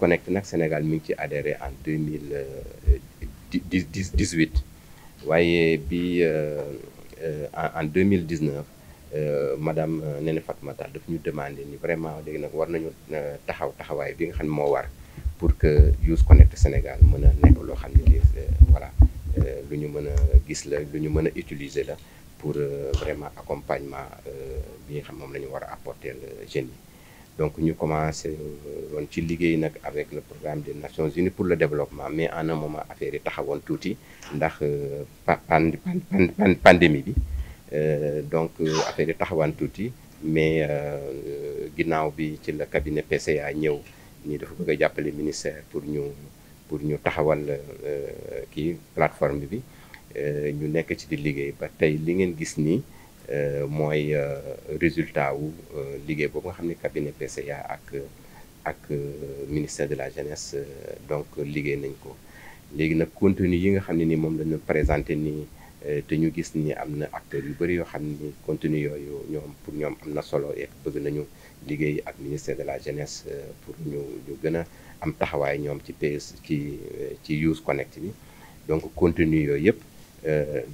Connect nak Sénégal mi ci adhéré en 2018. wayé euh, dix bi euh, euh, en 2019, euh, madame Néné Fatmata daf ñu demander ni vraiment léegi nak war nañu taxaw taxaway bi nga xam mo war pour que Youth Connect Sénégal mëna a lo loo xam voilà lu ñu mëna a gis la lu ñu mëna utiliser la pour vraiment accompagnement bi nga xam mom lañu wara apporter le génie donc ñu commencé euh, woon ci liggéey avec le programme des Nations Unies pour le développement mais en un moment affaire yi taxawoon tuuti ndax euh, pandémie bi euh, donc affaire yi taxawaan tuuti mais ginnaaw bi ci le cabinet PCA ñew ni dafa bëgg jappalé jàppale ministère pour ñu pour ñu taxawal qui plateforme bi ñu nekk ci di liggéey ba tay li ngeen gis nii Euh, mooy euh, résultat wu euh, liggéey boobu nga xam ne cabinet PCA ak ak ministère de la jeunesse donc liggéey nañ ko léegi nag contenu yi nga xam ne ni moom lañu présenté nii te ñu gis ni am na acteurs yu bëri yoo xam ni contenu yooyu ñoom pour ñoom am na solo et bëgg nañu liggéey ak ministère de la jeunesse pour ñu gën a am taxawaay ñoom ci PS ci ci Youth Connect bi donc contenu yooyu yëpp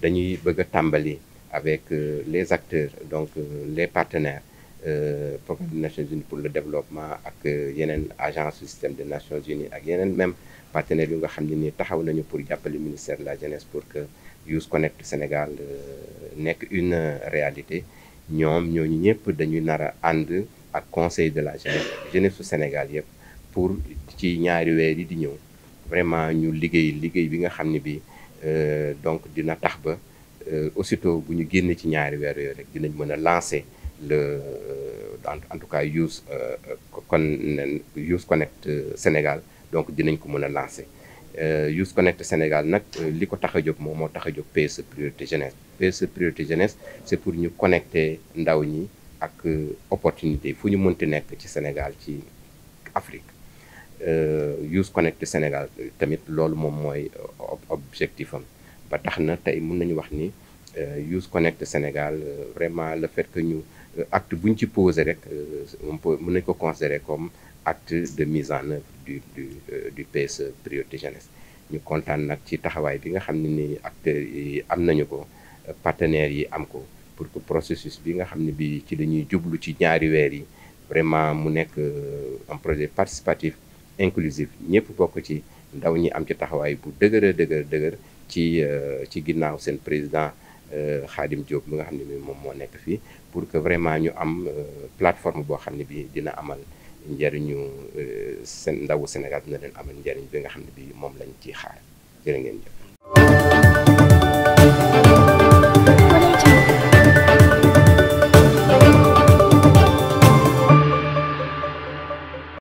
dañuy bëgg a tàmbali avec euh, les acteurs donc euh, les partenaires euh, programme des Nations Unies pour le développement avec Yenen, agence système des Nations Unies avec Yenen même partenaires qui ont xam ne taxaw pour ministère de la jeunesse pour que Youth Connect Sénégal nekk une réalité Nous avons ñëpp dañuy nar a à conseil de la jeunesse jeunesse Sénégal pour que nous puissions di vraiment nous liggéey liggéey bi nga donc Euh, aussitôt bu ñu génnee ci ñaari weer yooyu rek dinañ mën a lancer le euh, en tout cas use kon use connect euh, Sénégal donc dinañ ko mën a lancer use connect Sénégal nag li ko tax a jóg moom moo tax a jóg PSE priorité jeunesse PSE priorité jeunesse c'est pour ñu connecter ndaw ñi ak opportunité fu ñu mënti nekk ci Sénégal ci Afrique use connect Sénégal tamit loolu moom mooy objectif am ba tax na tey mun nañu wax ni use euh, Connect Sénégal euh, vraiment le fait que ñu euh, acte buñ ci posé rek on peut mën nañu ko considérer comme acte de mise en œuvre du du du PSE priorité jeunesse ñu contane nak ci taxaway bi nga xamni ni acteur yi am nañu ko partenaire yi am ko pour que processus bi nga xamni bi ci dañuy djublu ci ñaari wër yi vraiment mu nekk un projet participatif inclusif ñëpp bokk ci ndaw ñi am ci taxaway bu dëgër dëgër dëgër ci euh, ci ginnaaw seen président xaadim euh, Diop bi nga xam ne bi moom moo nekk fii pour que vraiment ñu am euh, plateforme boo xam ne bi dina amal njëriñu seen ndawu Sénégal dina leen amal njëriñ bi nga xam ne bi moom lañ ci xaar jërë ngeen jëf